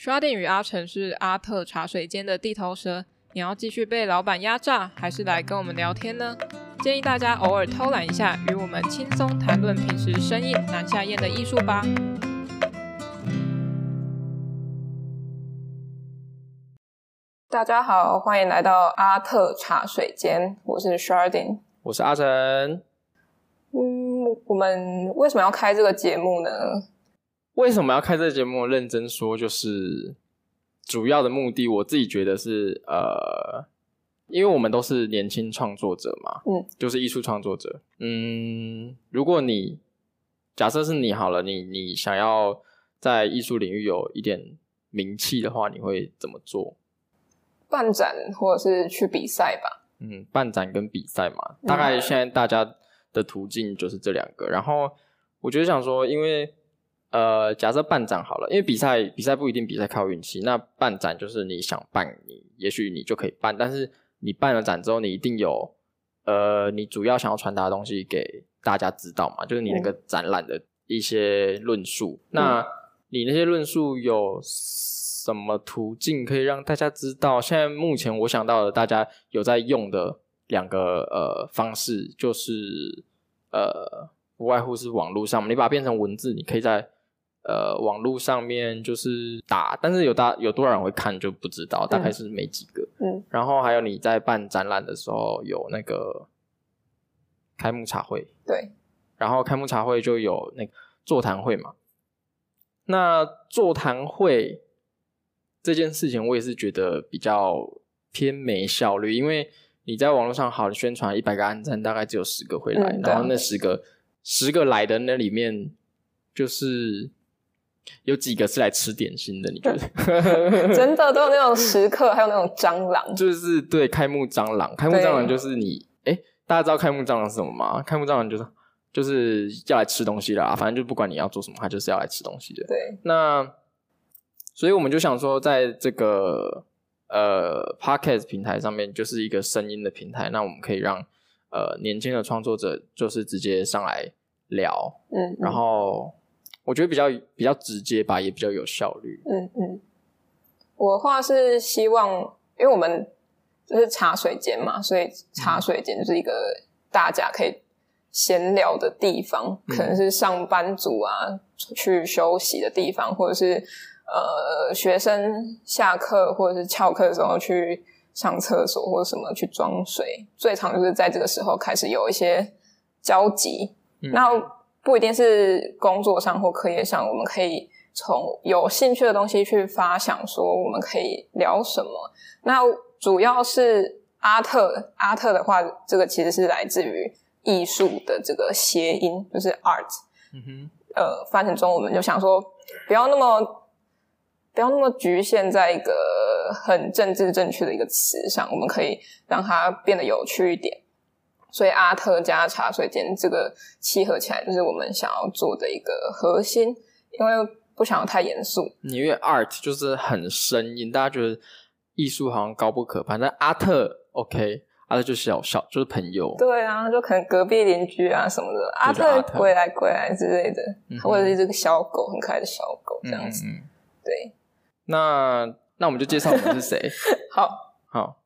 Sharding 與阿成是阿特茶水間的地頭蛇，你要繼續被老板壓榨，還是來跟我們聊天呢？建議大家偶爾偷懶一下，與我們輕鬆談論平時生硬、難下咽的藝術吧。大家好，歡迎來到阿特茶水間，我是 Sharding。我是阿成。嗯，我們為什麼要開這個節目呢？為什麼要開這節目？認真說，就是主要的目的，我自己覺得是呃，因為我們都是年輕創作者嘛，嗯，就是藝術創作者，嗯，如果你假設是你好了，你你想要在藝術領域有一點名氣的話，你會怎麼做？辦展或者是去比賽吧？嗯，辦展跟比賽嘛，嗯，大概現在大家的途徑就是這兩個。然後我覺得想說，因為，呃，假設辦展好了，因為比賽比賽不一定比賽靠運氣。那辦展就是你想辦，你也許你就可以辦。但是你辦了展之後，你一定有，呃，你主要想要傳達的東西給大家知道嘛？就是你那個展覽的一些論述。嗯。那你那些論述有什麼途徑可以讓大家知道？現在目前我想到的，大家有在用的兩個呃方式，就是呃，不外乎是網絡上，你把它變成文字，你可以在。呃，網絡上面就是打，但是有大有多少人會看就不知道，大概是沒幾個。嗯，嗯，然後還有你在辦展覽的時候有那個開幕茶會，對，然後開幕茶會就有那個座談會嘛。那座談會這件事情，我也是覺得比較偏沒效率，因為你在網絡上好的宣傳一百個按讚，大概只有十個會來，嗯啊、然後那十個十個來的那裡面就是。有幾個是來吃點心的？你覺得 真的都有那種食客， 還有那種蟑螂，就是對，開幕蟑螂，開幕蟑螂就是你哎對、欸，大家知道開幕蟑螂是什麼嗎？開幕蟑螂就是就是要來吃東西的啊，反正就不管你要做什麼，它就是要來吃東西的。對，那所以我們就想說，在這個呃 Podcast 平台上面，就是一個聲音的平台，那我們可以讓呃年輕的創作者就是直接上來聊，嗯、嗯，然後。我覺得比較比較直接吧，也比較有效率。嗯嗯，我的話是希望，因為我們就是茶水間嘛，所以茶水間、嗯、就是一個大家可以閒聊的地方，可能是上班族啊、嗯、去休息的地方，或者是呃學生下課或者是翹課的時候去上廁所或者什麼去裝水，最常就是在這個時候開始有一些交集。那、嗯不一定是工作上或課業上，我們可以從有興趣的東西去發想，說我們可以聊什麼。那主要是阿特，阿特的話，這個其實是來自於藝術的這個諧音，就是 art。嗯哼，呃，發展中我們就想說，不要那麼，不要那麼局限在一個很政治正確的一個詞上，我們可以讓它變得有趣一點。所以阿特加茶水間這個契合起來，就是我們想要做的一個核心，因為不想要太嚴肅。你因為 art 就是很生硬，大家覺得藝術好像高不可攀。但阿特 OK，阿特就是小小就是朋友。對啊，就可能隔壁鄰居啊什麼的，阿特歸來歸來之類的，嗯、哼或者是一個小狗，很可愛的小狗這樣子。嗯、哼對，那那我們就介紹我們是誰。 好好，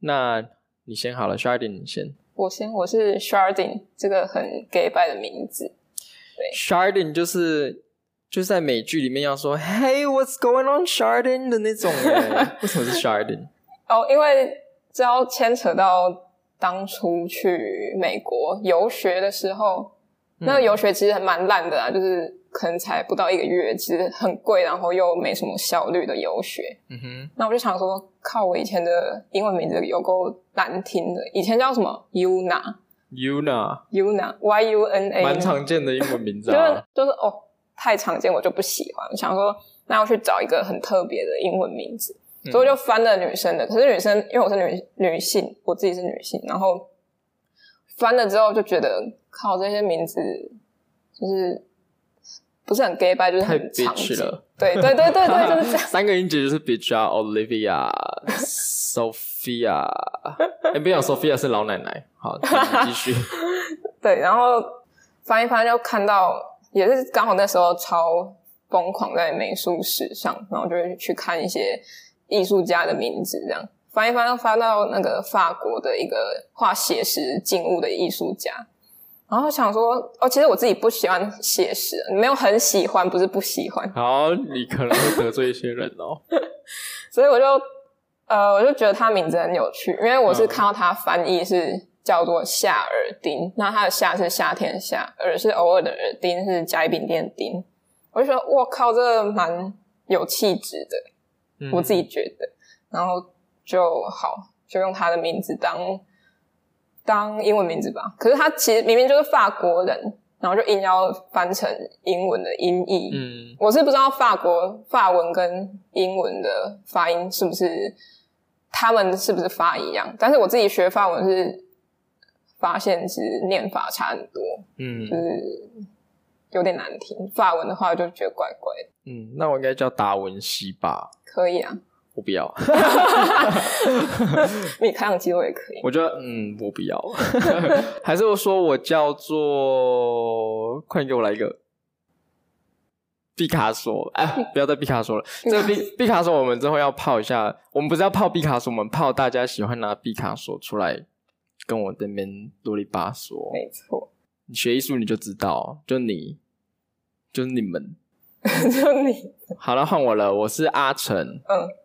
那你先好了，Sheldon 你先。我先，我是 Sharding 這個很 gay by 的名字。對，Sharding 就是就是在美劇裡面要說 Hey what's going on Sharding 的那種人。 為什麼是 Sharding？哦，oh, 因為這要牽扯到當初去美國遊學的時候，嗯、那個遊學其實還蠻爛的啊，就是。可能才不到一個月，其實很貴，然後又沒什麼效率的遊學。嗯哼，那我就想說，靠我以前的英文名字有夠難聽的，以前叫什麼？Yuna，Yuna，Yuna，Y-U-N-A，蠻常見的英文名字啊， 就是、就是、哦，太常見，我就不喜歡。我想說，那要去找一個很特別的英文名字，所以我就翻了女生的。嗯、可是女生，因為我是女女性，我自己是女性，然後翻了之後就覺得，靠這些名字就是。不是很 gay b 就是很場景，了對對對對對，就是這樣。 三個音節就是 Beatrice Olivia、Sophia。哎、 欸，別講 Sophia 是老奶奶，好，繼續。 對，然後翻一翻就看到，也是剛好那時候超瘋狂在美術史上，然後就會去看一些藝術家的名字，這樣翻一翻就翻到那個法國的一個畫寫實靜物的藝術家。然後想說，哦，其實我自己不喜歡寫實，沒有很喜歡，不是不喜歡。好，你可能會得罪一些人哦。 所以我就，呃，我就覺得他名字很有趣，因為我是看到他翻譯是叫做夏耳釘，嗯、那他的夏是夏天夏，夏而是偶爾的耳釘，是加一餅店釘。我就覺得我靠，這個、蠻有氣質的，我自己覺得。嗯、然後就好，就用他的名字當。當英文名字吧，可是他其實明明就是法國人，然後就硬要翻成英文的音譯。嗯，我是不知道法國法文跟英文的發音是不是他們是不是發一樣，但是我自己學法文是發現其實念法差很多，嗯，就是有點難聽。法文的話我就覺得怪怪的。嗯，那我應該叫達文西吧？可以啊。我不要，哈哈哈哈哈！你開上機我也可以。我覺得嗯，我不要， 還是我說我叫做，快點給我來一個畢卡索。哎，不要再畢卡索了，這畢畢卡索我們之後要泡一下。我們不是要泡畢卡索，我們泡大家喜歡拿畢卡索出來跟我這邊囉里吧嗦。沒錯，你學藝術你就知道，就你，就是你們， 就你。 好了，換我了，我是阿成。嗯。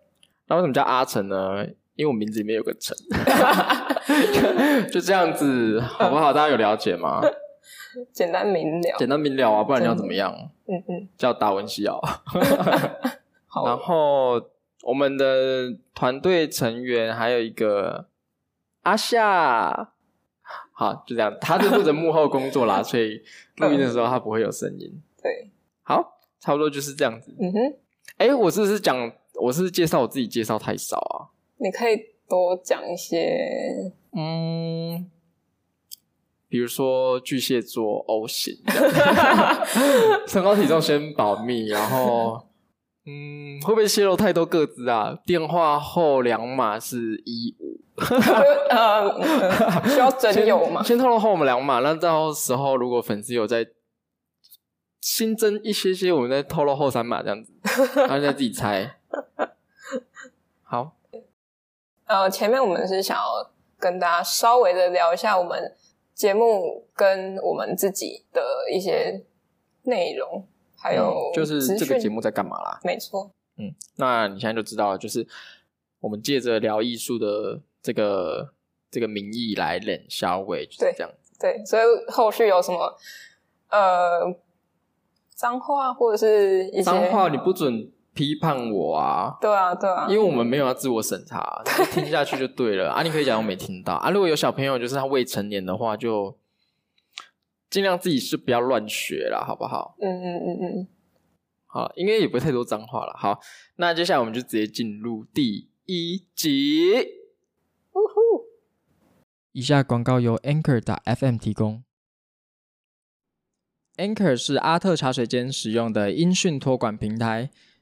那為什麼叫阿成呢？因為我名字裡面有個成， 就這樣子，好不好？大家有了解嗎？簡單明了，簡單明了啊！不然你要怎麼樣？嗯嗯，嗯叫達文西奧 耶。然後我們的團隊成員還有一個阿夏，好，就這樣，他就負責幕後工作啦， 所以錄音的時候他不會有聲音。嗯、對，好，差不多就是這樣子。嗯哼，哎，我是不是講。我是，是介紹我自己，介紹太少啊！你可以多講一些，嗯，比如說巨蟹座 O 型， 身高體重先保密，然後嗯，會不會洩露太多個資啊？電話後兩碼是一五，呃，需要徵友嗎？先透露後我們兩碼，那到時候如果粉絲有在新增一些些，我們再透露後三碼這樣子，大家自己猜。 好，呃，前面我們是想要跟大家稍微的聊一下我們節目跟我們自己的一些內容，還有、嗯、就是這個節目在幹嘛啦？沒錯，嗯，那你現在就知道了，就是我們借着聊藝術的這個這個名義來練肖話，這樣子對，對，所以後續有什麼呃髒話或者是一些髒話你不准。批判我啊？對啊，對啊，因為我們沒有要自我審查，嗯、聽下去就對了 啊。你可以講我沒聽到啊。如果有小朋友，就是他未成年的話，就盡量自己是不要亂學了，好不好？嗯嗯嗯嗯。嗯嗯好，應該也不會太多髒話了。好，那接下來我們就直接進入第一集。嗚呼！以下廣告由 Anchor 打 FM 提供。Anchor 是阿特茶水間使用的音訊托管平台。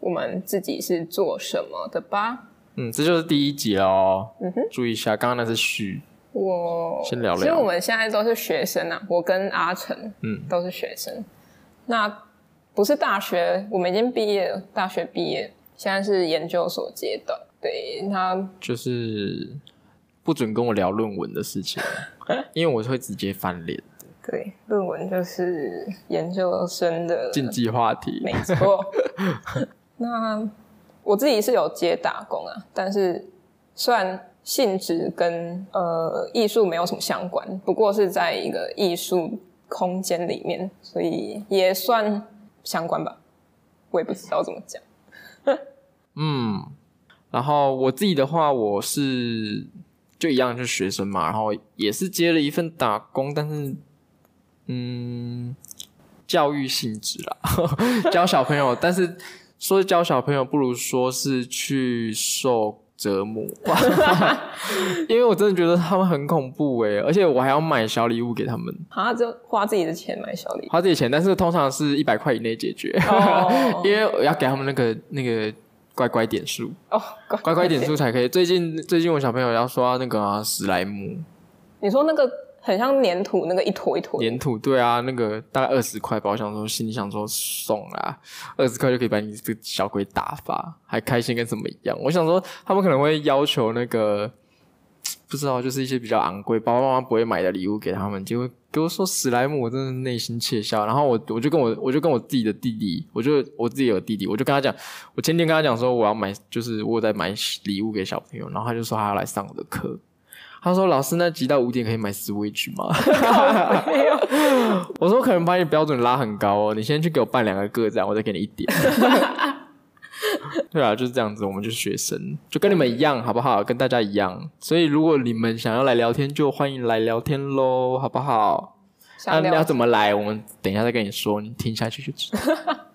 我們自己是做什麼的吧？嗯，這就是第一集哦。嗯哼，注意一下，剛剛那是序。我先聊聊。其實我們現在都是學生啊，我跟阿成，嗯，都是學生。嗯、那不是大學，我們已經畢業了。大學畢業，現在是研究所階段。對，他就是不准跟我聊論文的事情， 因為我會直接翻臉。對，論文就是研究生的禁忌話題，沒 錯，哦。 那我自己是有接打工啊，但是雖然性質跟呃藝術沒有什麼相關，不過是在一個藝術空間裡面，所以也算相關吧。我也不知道怎麼講。 嗯，然後我自己的話，我是就一樣就是學生嘛，然後也是接了一份打工，但是嗯，教育性質啦， 教小朋友， 但是。說教小朋友不如說是去受折磨， 因為我真的覺得他們很恐怖哎，而且我還要買小禮物給他們。啊，就花自己的錢買小禮物，花自己錢，但是通常是一百塊以內解決，oh. 因為我要給他們那個那個乖乖點數哦，乖乖、oh, 點數才可以。最近最近我小朋友要刷那個、啊、史萊姆，你說那個。很像粘土那個一坨一坨。粘土對啊，那個大概二十塊吧，我想說心裡想說送啦，二十塊就可以把你這個小鬼打發，還開心跟什麼一樣。我想說他們可能會要求那個不知道，就是一些比較昂貴爸爸媽媽不會買的禮物給他們，結果，比如說史萊姆，我真的內心竊笑。然後我我就跟我我就跟我自己的弟弟，我就我自己有弟弟，我就跟他講，我前天跟他講說我要買，就是我在買禮物給小朋友，然後他就說他要來上我的課。他說：“老師，那集到五點可以買 switch 嗎？” 我說：“可能把你標準拉很高哦，你先去給我辦兩個個這樣我再給你一點。 ” 對啊，就是這樣子，我們就是學生，就跟你們一樣，好不好？跟大家一樣。所以如果你們想要來聊天，就歡迎來聊天嘍，好不好？想聊、啊、你要怎麼來？我們等一下再跟你說，你聽下去就知道。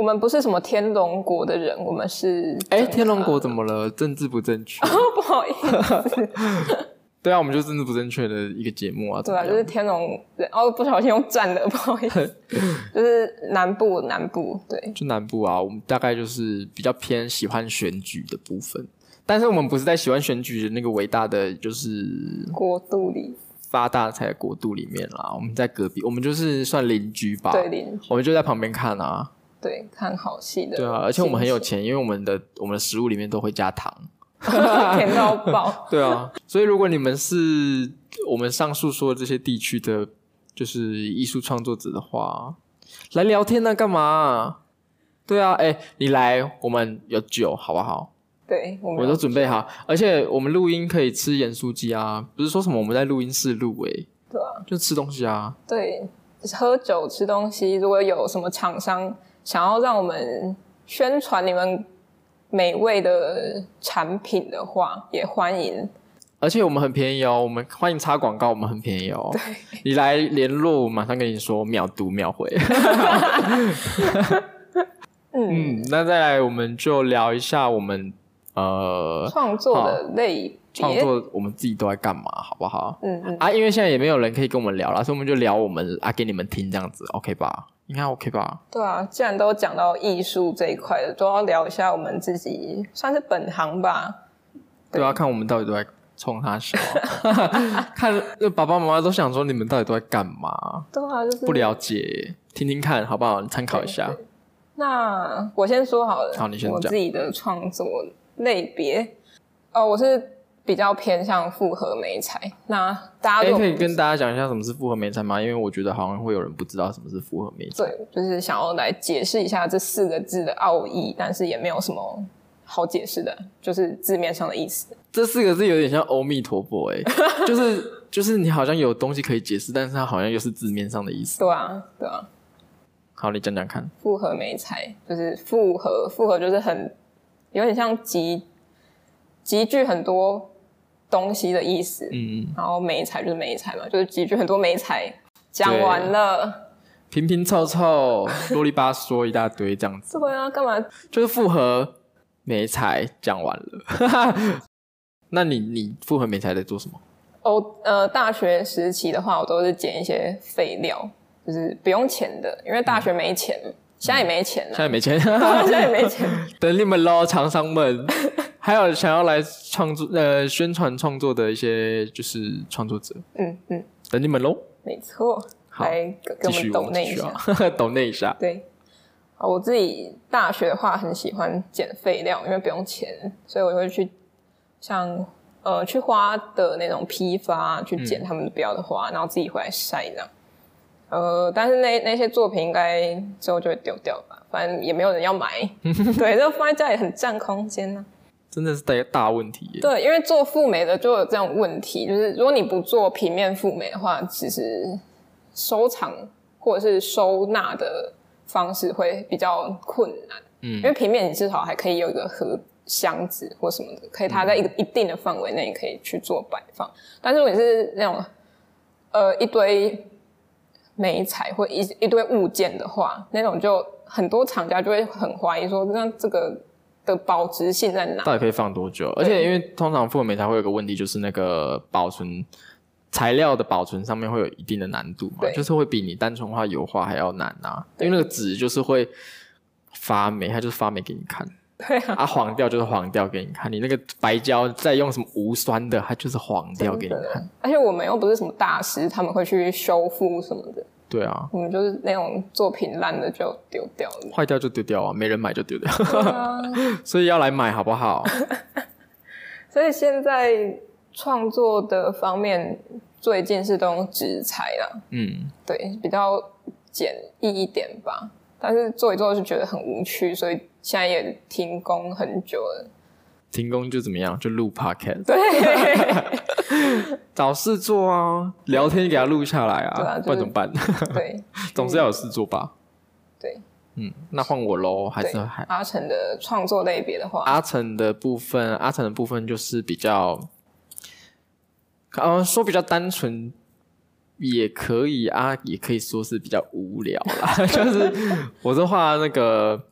我們不是什麼天龍國的人，我們是……哎、欸，天龍國怎麼了？政治不正確、哦？不好意思， 對啊，我們就政治不正確的一個節目啊，對啊，就是天龍哦，不小心用轉了，不好意思， 就是南部，南部，對，就南部啊，我們大概就是比較偏喜歡選舉的部分，但是我們不是在喜歡選舉的那個偉大的就是國度裡發大財的國度裡面啦，我們在隔壁，我們就是算鄰居吧，對，鄰居，我們就在旁邊看啊。對，看好戲的。對啊，而且我們很有錢，精神。因為我們的我們的食物裡面都會加糖，甜到爆。對啊，所以如果你們是我們上述說的這些地區的，就是藝術創作者的話，來聊天呢、啊、幹嘛、啊？對啊，哎、欸，你來，我們有酒，好不好？對，我們都準備好。而且我們錄音可以吃鹽酥雞啊，不是說什麼我們在錄音室錄誒、欸？對啊，就吃東西啊。對，喝酒吃東西。如果有什麼廠商。想要讓我們宣傳你們美味的產品的話，也歡迎。而且我們很便宜哦，我們歡迎插廣告，我們很便宜哦。對，你來聯絡，我馬上跟你說秒讀秒回。嗯，嗯，那再來我們就聊一下我們，呃，創作的類。創作我們自己都在幹嘛，好不好？嗯嗯。啊，因為現在也沒有人可以跟我們聊了，所以我們就聊我們啊，給你們聽這樣子，OK 吧？應該 OK 吧？對啊，既然都講到藝術這一塊了，都要聊一下我們自己算是本行吧。對，對啊，看我們到底都在衝他笑 看爸爸媽媽都想說，你們到底都在幹嘛？對啊，就是不了解，聽聽看好不好？參考一下。Okay. 那我先說好了，好，你先講。我自己的創作類別。哦，我是。比較偏向複合媒材，那大家都、欸、可以跟大家講一下什麼是複合媒材嗎？因為我覺得好像會有人不知道什麼是複合媒材。對，就是想要來解釋一下這四個字的奧義，但是也沒有什麼好解釋的，就是字面上的意思。這四個字有點像阿彌陀佛哎，欸， 就是就是你好像有東西可以解釋，但是它好像又是字面上的意思。對啊，對啊。好，你講講看。複合媒材就是複合，複合就是很有點像集，集聚很多東西的意思，嗯，然後媒材就是媒材嘛，就是集聚很多媒材，講完了，拼拼湊湊，囉里吧嗦一大堆這樣子，這個要幹嘛？就是複合媒材講完了，那你你複合媒材在做什麼？哦，呃，大學時期的話，我都是撿一些廢料，就是不用錢的，因為大學沒錢，現在也沒錢了，現在也沒錢，現在也沒錢，等你們嘍，廠商們。還有想要來創作呃宣傳創作的一些就是創作者，嗯嗯，嗯，等你們嘍，沒錯，好，繼續我們繼續啊，抖內一下，對，啊，我自己大學的話很喜歡撿廢料，因為不用錢，所以我就會去像呃去花的那種批發去撿他們不要的花，嗯、然後自己回來曬這樣，呃，但是那那些作品應該之後就會丟掉吧，反正也沒有人要買， 對，就放在家裡也很占空間呢、啊。真的是大大問題耶。對，因為做複媒的，就有這樣問題，就是如果你不做平面複媒的話，其實收藏或者是收納的方式會比較困難。嗯，因為平面你至少還可以有一個盒、箱子或什麼的，可以它在一個一定的範圍內，你可以去做擺放。嗯、但是如果你是那種呃一堆媒材或一一堆物件的話，那種就很多廠家就會很懷疑說，那這個。保值性在哪？到底可以放多久？對而且因為通常複媒材會有個問題，就是那個保存材料的保存上面會有一定的難度嘛，對就是會比你單純畫油畫還要難啊。對因為那個紙就是會發霉，它就是發霉給你看。對啊，啊黃掉就是黃掉給你看。你那個白膠再用什麼無酸的，它就是黃掉給你看。啊。而且我們又不是什麼大師，他們會去修復什麼的。對啊，我們就是那種作品爛的就丟掉了，壞掉就丟掉啊，沒人買就丟掉。啊、 所以要來買好不好？ 所以現在創作的方面，最近是都用紙材啦。嗯，對，比較簡易一點吧。但是做一做就覺得很無趣，所以現在也停工很久了。停工就怎麼樣？就錄 podcast，對， 找事做啊，聊天給他錄下來啊，啊、不然怎麼辦？對， 總是要有事做吧。對，嗯，那換我嘍，還是還阿成的創作類別的話，阿成的部分，阿成的部分就是比較，嗯，說比較單純，也可以啊，也可以說是比較無聊啦、啊。 就是我的話那個。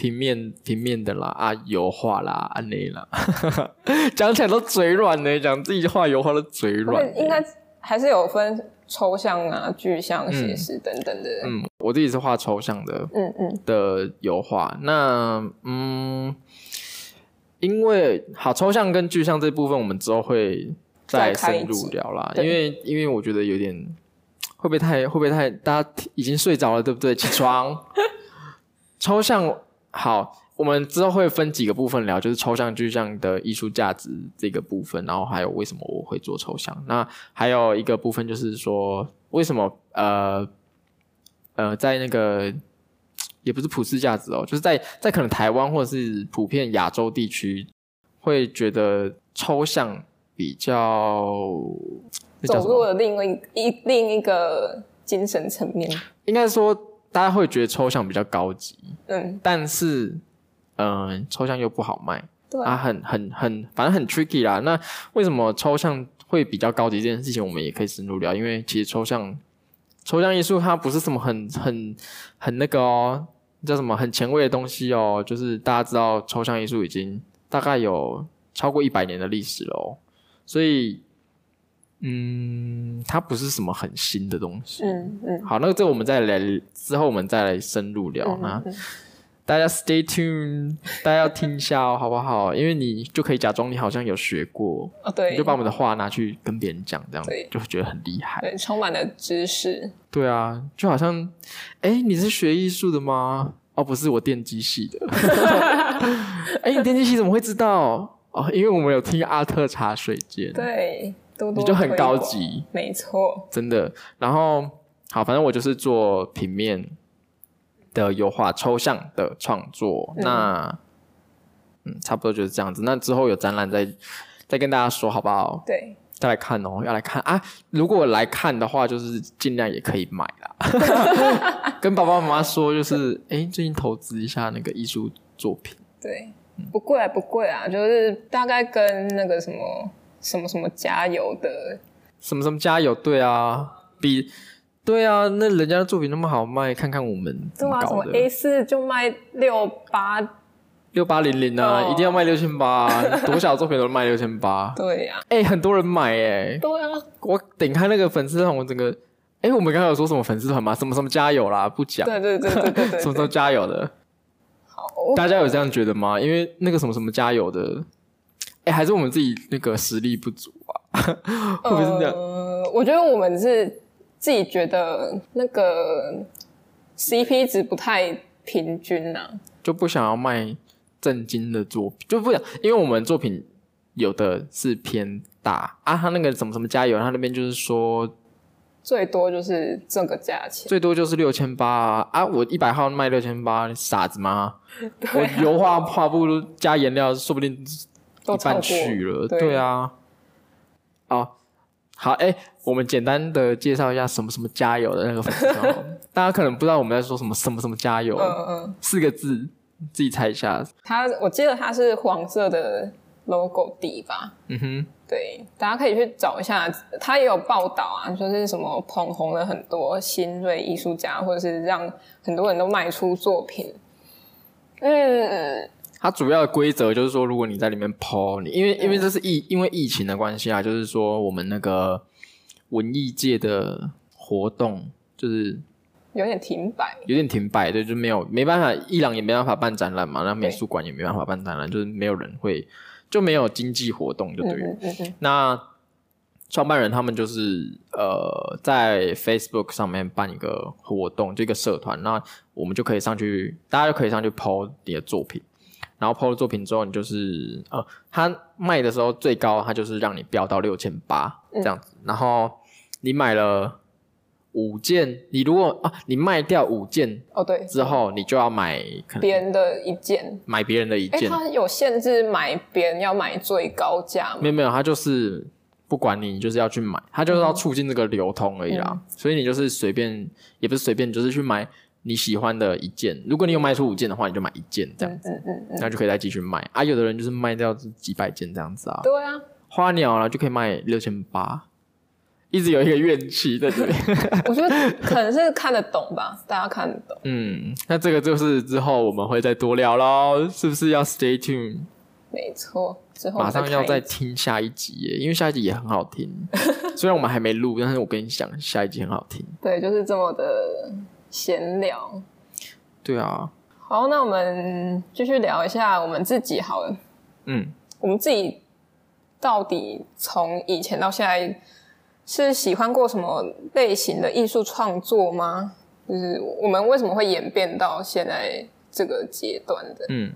平面、平面的啦，啊，油畫啦，安內啦，哈哈哈，講起來都嘴軟呢、欸，講自己畫油畫都嘴軟、欸。對，應該還是有分抽象啊、具象、寫實等等的嗯。嗯，我自己是畫抽象的，嗯嗯的油畫。那嗯，因為好抽象跟具象這部分，我們之後會再深入聊啦。因為因為我覺得有點會不會太會不會太大家已經睡着了，對不對？起床， 抽象。好，我們之後會分幾個部分聊，就是抽象具象的藝術價值這個部分，然後還有為什麼我會做抽象。那還有一個部分就是說，為什麼呃呃，在那個也不是普世價值哦，就是在在可能台灣或者是普遍亞洲地區，會覺得抽象比較走入了另一一另一個精神層面，應該說。大家會覺得抽象比較高級，嗯，但是，嗯、呃，抽象又不好賣，對，它、啊、很很很，反正很 tricky 啦。那為什麼抽象會比較高級這件事情，我們也可以深入聊，因為其實抽象，抽象藝術它不是什麼很很很那個哦，叫什麼很前衛的東西哦，就是大家知道抽象藝術已經大概有超過一百年的歷史了哦，所以。嗯，它不是什麼很新的東西。嗯嗯，嗯好，那這個這我們再來、嗯、之後，我們再來深入聊。嗯嗯、那大家 stay tuned，大家要聽一下哦， 好不好？因為你就可以假裝你好像有學過，啊、哦，對，你就把我們的話拿去跟別人講，這樣子對就會覺得很厲害，對，充滿了知識。對啊，就好像，哎、欸，你是學藝術的嗎？哦，不是，我電機系的。哎、 欸，你電機系怎麼會知道？哦，因為我們有聽阿特茶水間。對。多多你就很高級，沒錯，真的。然後好，反正我就是做平面的油畫、抽象的創作。嗯那嗯，差不多就是這樣子。那之後有展覽再再跟大家說，好不好？對，再來看哦，要來看啊。如果來看的話，就是盡量也可以買啦。 跟爸爸媽媽說，就是哎，最近投資一下那個藝術作品。對，不貴啊，不貴啊，就是大概跟那個什麼。什麼什麼加油的，什麼什麼加油，對啊，比對啊，那人家的作品那麼好賣，看看我們怎麼搞的，對啊，什麼 A 四就賣六八六八零零啊。哦、一定要賣六千八，多小作品都賣六千八， 對呀、啊，哎、欸，很多人買哎、欸，對啊，我點開那個粉絲團，我整個，哎、欸，我們剛剛有說什麼粉絲團嗎？什麼什麼加油啦，不講，對對對，對對對對對，什麼什麼加油的，好，大家有這樣覺得嗎？嗯、因為那個什麼什麼加油的。哎、欸，還是我們自己那個實力不足啊？會 不會是這樣、呃？我覺得我們是自己覺得那個 CP 值不太平均啊，就不想要賣正經的作品，就不想，因為我們作品有的是偏大啊。他那個什麼什麼加油，他那邊就是說最多就是這個價錢，最多就是六千八啊！啊，我一百號賣六千八，傻子嗎？ 對啊、我油畫畫布加顏料，說不定。都一半去了，對啊。對好，哎、欸，我們簡單的介紹一下什麼什麼加油的那個粉專， 大家可能不知道我們在說什麼什麼，什麼加油，嗯嗯四個字，自己猜一下。它，我記得它是黃色的 logo 底吧？嗯哼，對，大家可以去找一下。它也有報道啊，說、就是什麼捧紅了很多新銳藝術家，或者是讓很多人都賣出作品。嗯。它主要的規則就是說，如果你在裡面 po，你因為因為這是疫，因為疫情的關係啊，就是說我們那個文藝界的活動就是有點停擺，有點停擺，對，就沒有沒辦法，藝廊也沒辦法辦展覽嘛，那美術館也沒辦法辦展覽，就是沒有人會，就沒有經濟活動，就對了，那創辦人他們就是呃，在 Facebook 上面辦一個活動，就一個社團，那我們就可以上去，大家就可以上去 po 你的作品。然後 po 了作品之後，你就是呃，他賣的時候最高，他就是讓你飆到六千八這樣子。嗯、然後你買了五件，你如果啊，你賣掉五件，哦對，之後你就要買別人的一件，買別人的一件。欸，他有限制買別人要買最高價嗎？沒有沒有，他就是不管你，你就是要去買，他就是要促進這個流通而已啦。嗯嗯、所以你就是隨便，也不是隨便，你就是去買。你喜歡的一件，如果你有賣出五件的話，你就買一件這樣子，嗯嗯嗯嗯，那就可以再繼續賣。啊，有的人就是賣掉幾百件這樣子啊，對啊，花鳥了、啊、就可以賣六千八，一直有一個怨氣在這邊。 我覺得可能是看得懂吧， 大家看得懂。嗯，那這個就是之後我們會再多聊咯。是不是要 stay tuned？沒錯，之後馬上要再聽下一集耶，因為下一集也很好聽。 雖然我們還沒錄，但是我跟你講，下一集很好聽。對，就是這麼的。閒聊，對啊。好，那我們繼續聊一下我們自己好了。嗯，我們自己到底從以前到現在是喜歡過什麼類型的藝術創作嗎？就是我們為什麼會演變到現在這個階段的？嗯，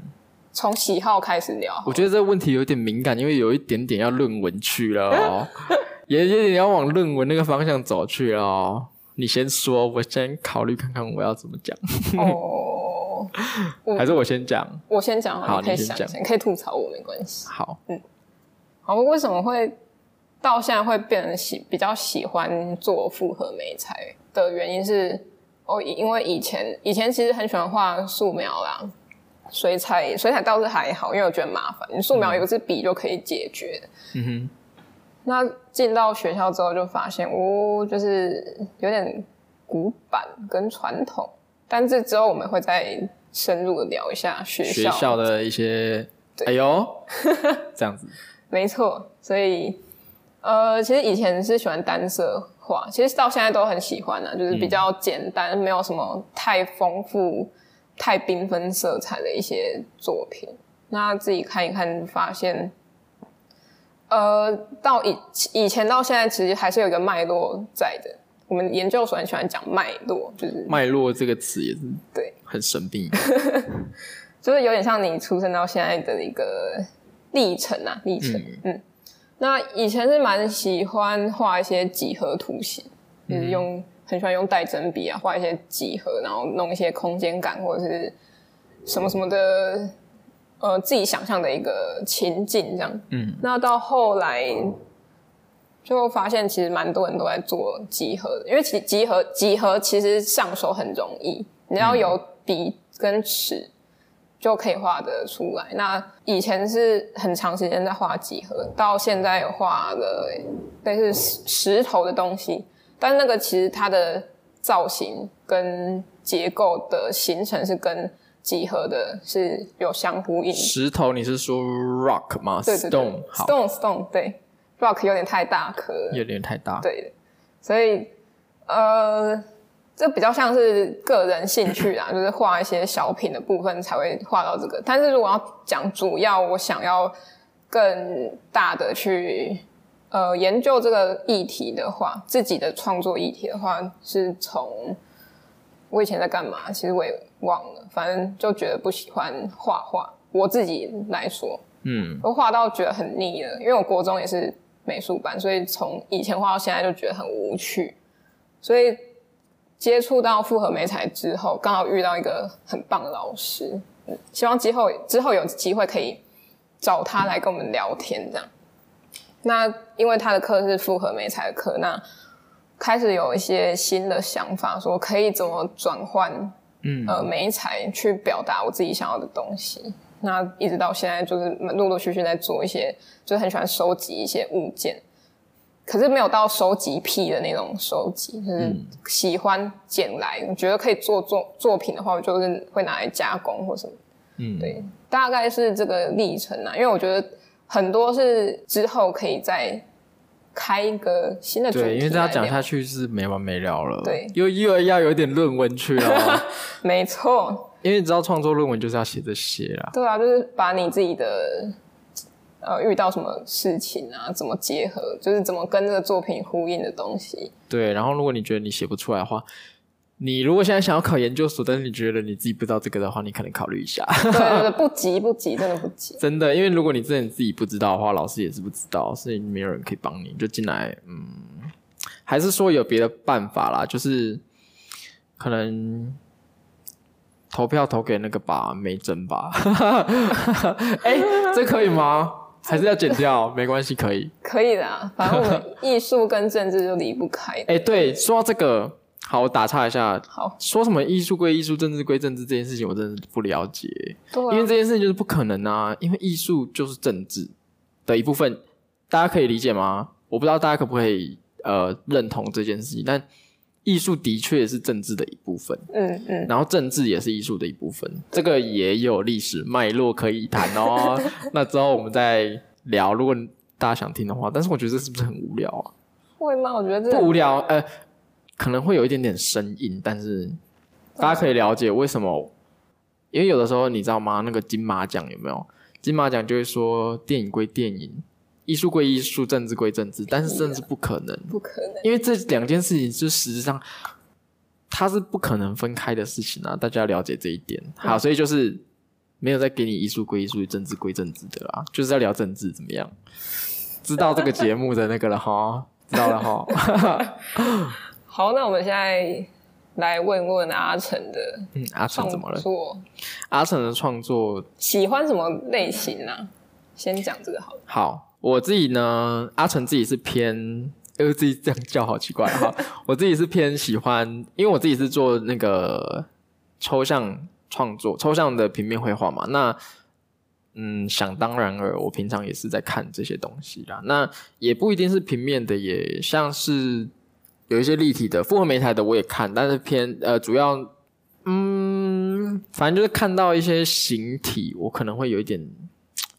從喜好開始聊。我覺得這個問題有點敏感，因為有一點點要論文去了哦、喔。 也有點要往論文那個方向走去哦。你先說，我先考慮看看我要怎麼講。哦，oh, 還是我先講，我先講，好，你先講，可以吐槽我沒關係。好，嗯，好，不過為什麼會到現在會變得喜比較喜歡做複合媒材的原因是，我、哦、因為以前以前其實很喜歡畫素描啦，水彩水彩倒是還好，因為我覺得麻煩，你素描有一支筆就可以解決。嗯,嗯哼。那進到學校之後，就發現哦，就是有點古板跟傳統。但是之後，我們會再深入的聊一下學校，學校的一些，對，哎呦，這樣子，沒錯。所以，呃，其實以前是喜歡單色畫，其實到現在都很喜歡啊，就是比較簡單，嗯、沒有什麼太豐富、太繽紛色彩的一些作品。那自己看一看，發現。呃，到以以前到現在，其實還是有一個脈絡在的。我們研究所很喜歡講脈絡，就是脈絡這個詞也是對，很神秘的，對 就是有點像你出生到現在的一個歷程啊，歷程。嗯，嗯，那以前是蠻喜歡畫一些幾何圖形，就是用、嗯、哼很喜歡用代針筆啊，畫一些幾何，然後弄一些空間感，或者是什麼什麼的。呃，自己想象的一個情境。這樣。嗯，那到後來就發現，其實蠻多人都在做幾何，因為其實幾何幾何其實上手很容易，你要有筆跟尺就可以畫得出來。嗯、那以前是很長時間在畫幾何，到現在畫的都是石頭的東西，但那個其實它的造型跟結構的形成是跟幾何的是有相呼應。石頭，你是說 rock 嗎？對，對，對 stone，好。stone stone 對 rock 有點太大顆，有點太大。對。所以呃，這比較像是個人興趣啦， 就是畫一些小品的部分才會畫到這個。但是如果要講主要，我想要更大的去呃研究這個議題的話，自己的創作議題的話，是從我以前在幹嘛？其實我也。忘了，反正就覺得不喜歡畫畫。我自己來說，嗯，我畫到覺得很膩了，因為我國中也是美術班，所以從以前畫到現在就覺得很無趣。所以接觸到複合媒材之後，剛好遇到一個很棒的老師，希望之後之後有機會可以找他來跟我們聊天。這樣，那因為他的課是複合媒材的課，那開始有一些新的想法，說可以怎麼轉換。嗯，呃，媒材去表達我自己想要的東西，那一直到現在就是陸陸續續在做一些，就是很喜歡收集一些物件，可是沒有到收集癖的那種收集，就是喜歡撿來，嗯、覺得可以做作，作品的話，我就是會拿來加工或什麼。嗯，對，大概是這個歷程啊，因為我覺得很多是之後可以再。開一個新的對，因為這樣講下去是沒完沒了了。對，因為又要有，有點論文去了。 沒錯，因為你知道創作論文就是要寫這些啊。對啊，就是把你自己的，呃，遇到什麼事情啊，怎麼結合，就是怎麼跟這個作品呼應的東西。對，然後如果你覺得你寫不出來的話。你如果現在想要考研究所，但是你覺得你自己不知道這個的話，你可能考慮一下。對，對，對，不急不急，真的不急。 真的，因為如果你真的你自己不知道的話，老師也是不知道，所以沒有人可以幫你。就進來，嗯，還是說有別的辦法啦，就是可能投票投給那個吧，沒真吧。哎、、 欸，這可以嗎？還是要剪掉？ 沒關係，可以。可以的，反正我們藝術跟政治就離不開對不對？哎、欸，對，說到這個。好，我打岔一下。好，說什麼藝術歸藝術，政治歸政治這件事情，我真的不了解。對啊，因為這件事情就是不可能啊，因為藝術就是政治的一部分，大家可以理解嗎？我不知道大家可不可以呃認同這件事情，但藝術的確是政治的一部分。嗯嗯。嗯，然後政治也是藝術的一部分，這個也有歷史脈絡可以談哦。 那之後我們再聊，如果大家想聽的話。但是我覺得這是不是很無聊啊？會嗎？我覺得這不無聊。呃。可能會有一點點生硬，但是大家可以了解為什麼？因為有的時候你知道嗎？那個金馬獎有沒有？金馬獎就會說電影歸電影，藝術歸藝術，政治歸政治，但是政治不可能，不可能，因為這兩件事情就實際上它是不可能分開的事情啊！大家要了解這一點。好，所以就是沒有再給你藝術歸藝術、政治歸政治的啦，就是在聊政治怎麼樣？知道這個節目的那個了哈， 知道了哈。 好，那我們現在來問問阿成的創作，嗯，阿成怎麼了？阿成的創作喜歡什麼類型呢、啊？先講這個好了。好，我自己呢，阿成自己是偏，因、呃、為自己這樣叫好奇怪哈。 我自己是偏喜歡，因為我自己是做那個抽象創作，抽象的平面繪畫嘛。那嗯，想當然爾，我平常也是在看這些東西啦。那也不一定是平面的，也像是。有一些立體的、複合媒材的，我也看，但是偏呃，主要嗯，反正就是看到一些形體，我可能會有一點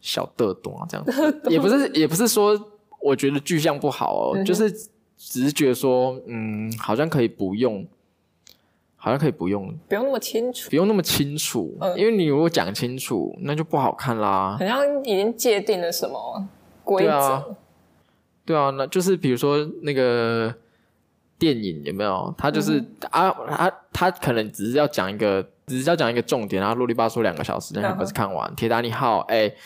小嘚懂啊，這樣子 也不是也不是說我覺得具象不好哦，嗯、哼就是只是覺得說嗯，好像可以不用，好像可以不用，不用那麼清楚，不用那麼清楚，嗯、因為你如果講清楚，那就不好看啦，好像已經界定了什麼規則。對啊，對啊，那就是比如說那個。電影有沒有？他就是、嗯、啊，他、啊、他可能只是要講一個，只是要講一個重點，然後囉里吧嗦兩個小時，那兩不是看完《後鐵達尼號》？哎、欸，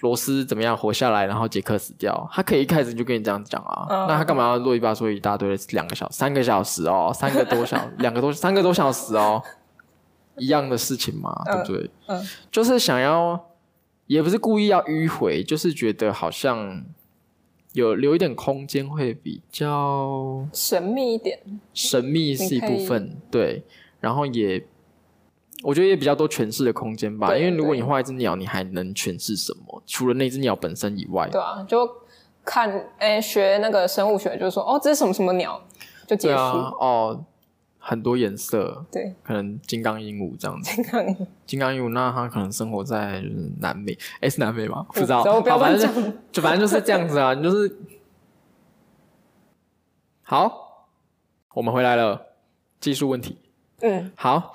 羅斯怎麼樣活下來，然後傑克死掉？他可以一開始就跟你這樣講啊，哦、那他幹嘛要囉里吧嗦一大堆，兩個小時、三個小時哦，三個多小、 兩個多、三個多小時哦，一樣的事情嘛，對不對？哦哦、就是想要，也不是故意要迂迴，就是覺得好像。有留一點空間會比較神秘一點，神秘是一部分，對，然後也我覺得也比較多詮釋的空間吧，因為如果你畫一只鳥，你還能詮釋什麼？除了那只鳥本身以外，對啊，就看，誒，學那個生物學就是，就說哦，這是什麼什麼鳥，就結束、啊、哦。很多顏色，對，可能金剛鸚鵡這樣子。金剛鸚鵡，那它可能生活在南美，誒、欸，是南美嗎？我 不知道，好，反正就，就反正就是這樣子啊， 你就是好，我們回來了，技術問題，嗯，好，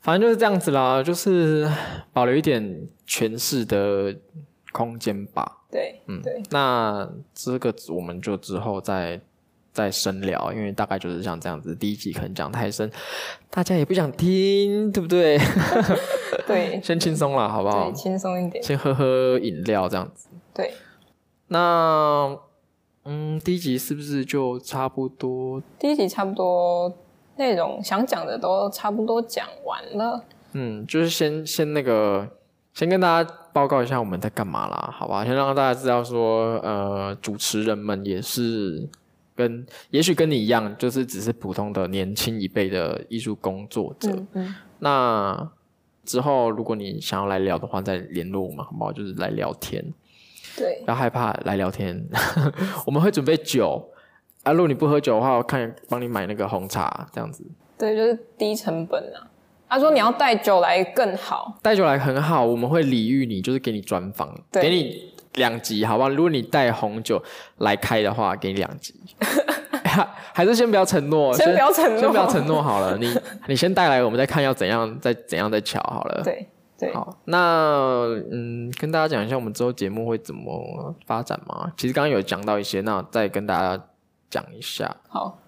反正就是這樣子啦，就是保留一點詮釋的空間吧，對，嗯，對，那這個我們就之後再。再深聊，因為大概就是像這樣子，第一集可能講太深，大家也不想聽，對不對？ 對，先輕鬆了，好不好？對，輕鬆一點。先喝喝飲料，這樣子。對。那，嗯，第一集是不是就差不多？第一集差不多，內容想講的都差不多講完了。嗯，就是先先那個，先跟大家報告一下我們在幹嘛啦，好吧？先讓大家知道說，呃，主持人們也是。跟也許跟你一樣，就是只是普通的年輕一輩的藝術工作者。嗯，嗯。那之後，如果你想要來聊的話，再聯絡嘛，好不好？就是來聊天。對。不要害怕來聊天， 我們會準備酒。啊，如果你不喝酒的話，我看幫你買那個紅茶這樣子。對，就是低成本啊。他說你要帶酒來更好，帶酒來很好，我們會禮遇你，就是給你專訪，對給你。兩集好吧。如果你帶紅酒來開的話，給你兩集。 還是先不要承諾，先不要承諾，先不要承諾好了。 你你先帶來，我們再看要怎樣，再怎樣再瞧好了。對對。對好，那嗯，跟大家講一下我們之後節目會怎麼發展嗎？其實剛剛有講到一些，那我再跟大家講一下。好，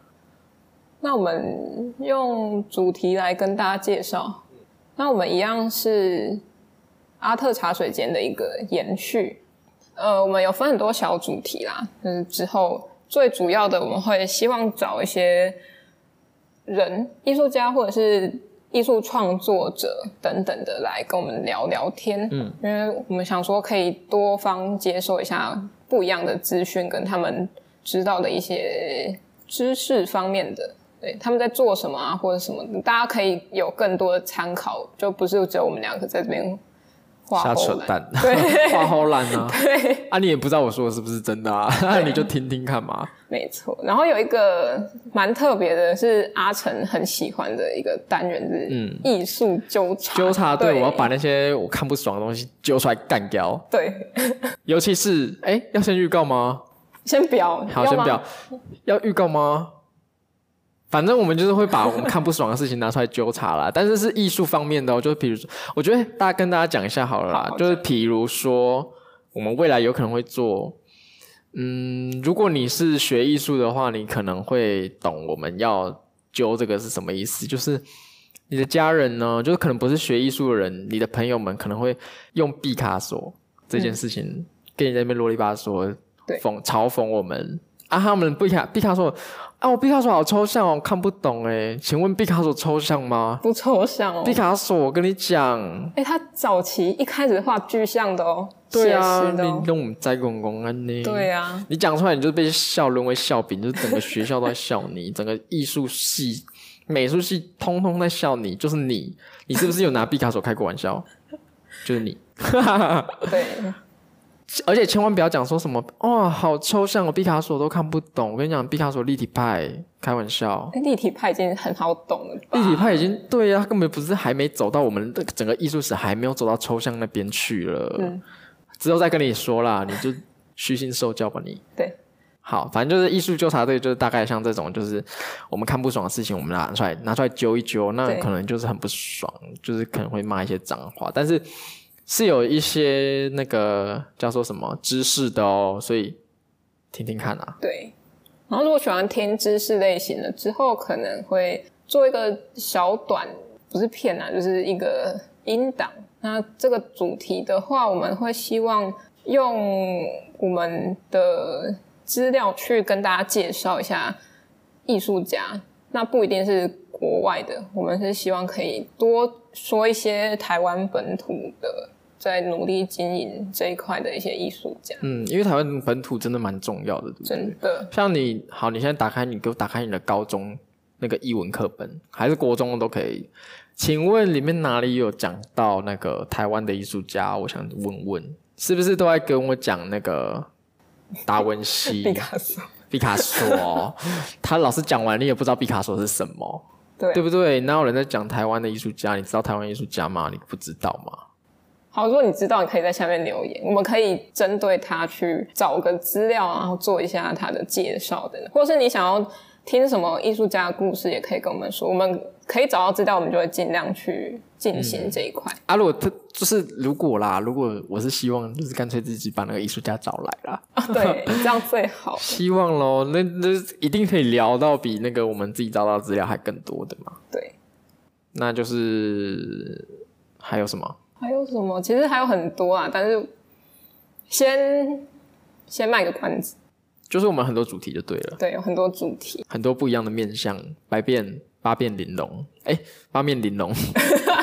那我們用主題來跟大家介紹。那我們一樣是阿特茶水間的一個延續。呃，我們有分很多小主題啦。嗯、就是，之後最主要的我們會希望找一些人，藝術家或者是藝術創作者等等的來跟我們聊聊天。嗯，因為我們想說可以多方接受一下不一樣的資訊，跟他們知道的一些知識方面的，對，他們在做什麼啊，或者什麼，大家可以有更多的參考，就不是只有我們兩個在這邊。瞎扯淡，話對好爛啊！對啊，你也不知道我說的是不是真的啊，那對、啊、你就聽聽看嘛。沒錯，然後有一個蠻特別的，是阿成很喜歡的一個單元是藝術糾察，嗯，藝術糾察。對，對，我要把那些我看不爽的東西揪出來幹掉。對，尤其是，哎、欸，要先預告嗎？先表，好，嗎先表，要預告嗎？反正我們就是會把我們看不爽的事情拿出來糾察啦。 但是是藝術方面的，哦，就比如說，我覺得大家跟大家講一下好了啦，好好，就是比如說，我們未來有可能會做，嗯，如果你是學藝術的話，你可能會懂我們要糾這個是什麼意思，就是你的家人呢，就是可能不是學藝術的人，你的朋友們可能會用畢卡索這件事情跟，嗯、你在那邊囉里吧嗦，對諷嘲諷我們啊，他們不看畢卡索。啊，我畢卡索好抽象哦，看不懂哎。請問畢卡索抽象嗎？不抽象哦。畢卡索，我跟你講，哎、欸，他早期一開始畫具象的哦，對啊，跟我們摘公公安你說說。對啊，你講出來，你就被笑淪為笑柄，就是整個學校都在笑你， 整個藝術系、美術系通通在笑你，就是你。你是不是有拿畢卡索開過玩笑？ 就是你。 對。而且千萬不要講說什麼哦，好抽象哦，我畢卡索都看不懂。我跟你講，畢卡索立體派，開玩笑。欸、立體派已經很好懂了。立體派已經對呀、啊，根本不是還沒走到我們的整個藝術史，還沒有走到抽象那邊去了。嗯、之後再跟你說啦，你就虛心受教吧。你 對，好，反正就是藝術糾察隊，就是大概像這種，就是我們看不爽的事情，我們拿出來拿出來揪一揪，那可能就是很不爽，對就是可能會罵一些髒話，但是。是有一些那個叫做什麼知識的哦，所以聽聽看啊。對，然後如果喜歡聽知識類型的，之後可能會做一個小短，不是片啊，就是一個音檔。那這個主題的話，我們會希望用我們的資料去跟大家介紹一下藝術家，那不一定是國外的，我們是希望可以多說一些台灣本土的。在努力經營這一塊的一些藝術家，嗯，因為台灣本土真的蠻重要的，對不對？真的。像你好，你現在打開，你給我打開你的高中那個藝文課本，還是國中都可以。請問裡面哪裡有講到那個台灣的藝術家？我想問問，是不是都在跟我講那個達文西、 畢卡索、畢卡索？ 他老是講完，你也不知道畢卡索是什麼，對，對不對？哪有人在講台灣的藝術家？你知道台灣藝術家嗎？你不知道嗎？好，如果你知道，你可以在下面留言，我們可以針對他去找個資料，然後做一下他的介紹的，或者是你想要聽什麼藝術家的故事，也可以跟我們說，我們可以找到資料，我們就會盡量去進行這一塊。嗯、啊，如果特就是如果啦，如果我是希望，就是乾脆自己把那個藝術家找來啦。啊、對，這樣最好。 希望嘍，那那一定可以聊到比那個我們自己找到的資料還更多的嘛。對，那就是還有什麼？還有什麼？其實還有很多啊，但是先先賣個關子，就是我們很多主題就對了，對，有很多主題，很多不一樣的面相，百變八變玲瓏，哎、欸，八面玲瓏。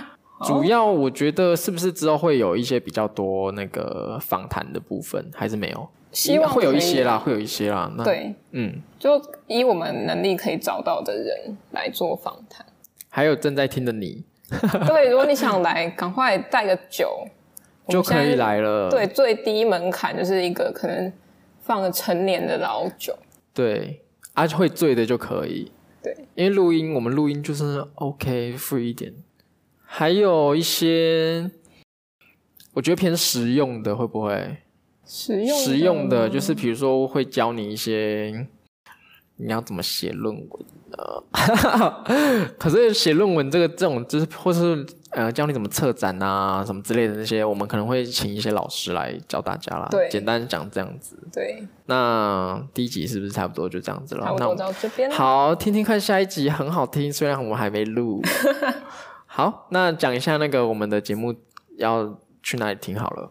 啊、主要我覺得是不是之後會有一些比較多那個訪談的部分，還是沒有？希望會有一些啦，會有一些啦。那對，嗯，就以我們能力可以找到的人來做訪談，還有正在聽的你。 對，如果你想來，趕快帶個酒就可以來了。對，最低門檻就是一個可能放個陳年的老酒。對，而、啊、且會醉的就可以。對，因為錄音，我們錄音就是 OK，free 一點。還有一些，我覺得偏實用的會不會？實用實用的，用的就是比如說會教你一些。你要怎麼寫論文呢？ 可是寫論文這個這種就是或是呃，教你怎麼策展、啊什麼之類的那些，我們可能會請一些老師來教大家啦。對，簡單講這樣子。對，那第一集是不是差不多就這樣子了？好那我們，我到這邊。好，聽聽看下一集很好聽，雖然我們還沒錄。 好，那講一下那個我們的節目要去哪裡聽好了。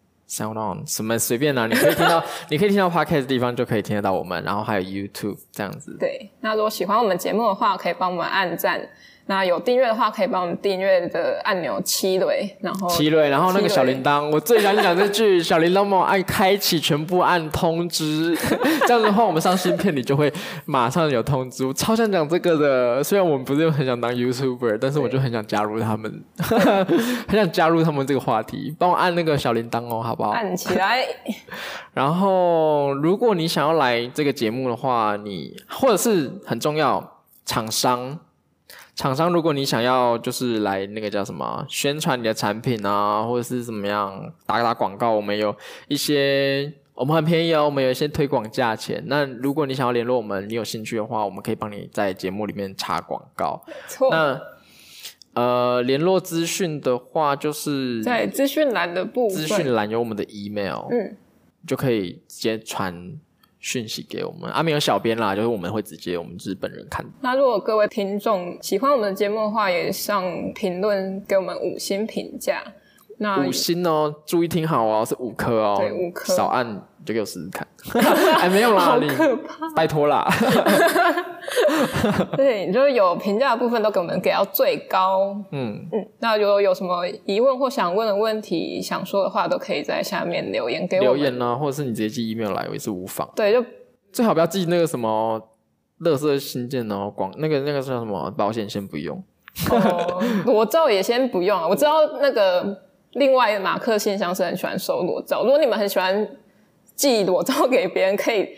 Sound on，什麼隨便啦，啊，你可以聽到， 你可以聽到 Podcast 的地方就可以聽得到我們，然後還有 YouTube 這樣子。對，那如果喜歡我們節目的話，我可以幫我們按讚。那有訂閱的話，可以幫我們訂閱的按鈕“七瑞”，然後“七瑞”，然後那個小鈴鐺，我最想講這句：“小鈴鐺，幫我按開啟，全部按通知。”這樣的話，我們上新片你就會馬上有通知。我超想講這個的，雖然我們不是很想當 YouTuber，但是我就很想加入他們，對 很想加入他們這個話題。幫我按那個小鈴鐺哦，好不好？按起來。然後，如果你想要來這個節目的話，你或者是很重要廠商。廠商，如果你想要就是來那個叫什麼宣傳你的產品啊，或者是怎麼樣打打廣告，我們有一些我們很便宜哦、啊，我們有一些推廣價錢。那如果你想要聯絡我們，你有興趣的話，我們可以幫你在節目裡面插廣告。錯。那呃，聯絡資訊的話，就是在資訊欄的部資訊欄有我們的 email，嗯，就可以直接傳訊息給我們，阿、啊、沒有小編啦，就是我們會直接我們自己本人看。那如果各位聽眾喜歡我們的節目的話，也上評論給我們五星評價。那五星哦、喔，注意聽好哦、喔，是五顆哦、喔，少按就給我試試看，哎、 欸、沒有啦，可怕你拜托啦， 對，你就有評價的部分都給我們給到最高，嗯嗯，那如果有什麼疑問或想問的問題，想說的話都可以在下面留言給我留言呢、啊，或者是你直接寄 email 來，我也是無妨。對，就最好不要寄那個什麼垃圾信件哦，廣那個那個叫什麼保險先不用，裸照、哦、也先不用、啊，我知道那個。另外一個馬克信箱是很喜歡收裸照。如果你們很喜歡寄裸照給別人，可以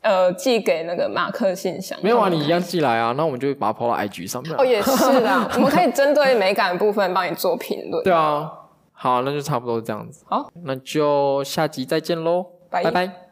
呃寄給那個馬克信箱。沒有啊，你一樣寄來啊。那我們就把它 PO 到 IG 上面啊。哦，也是啊。 我們可以針對美感的部分幫你做評論。對啊，好，那就差不多這樣子。好，哦，那就下集再見嘍。拜拜 Bye。Bye bye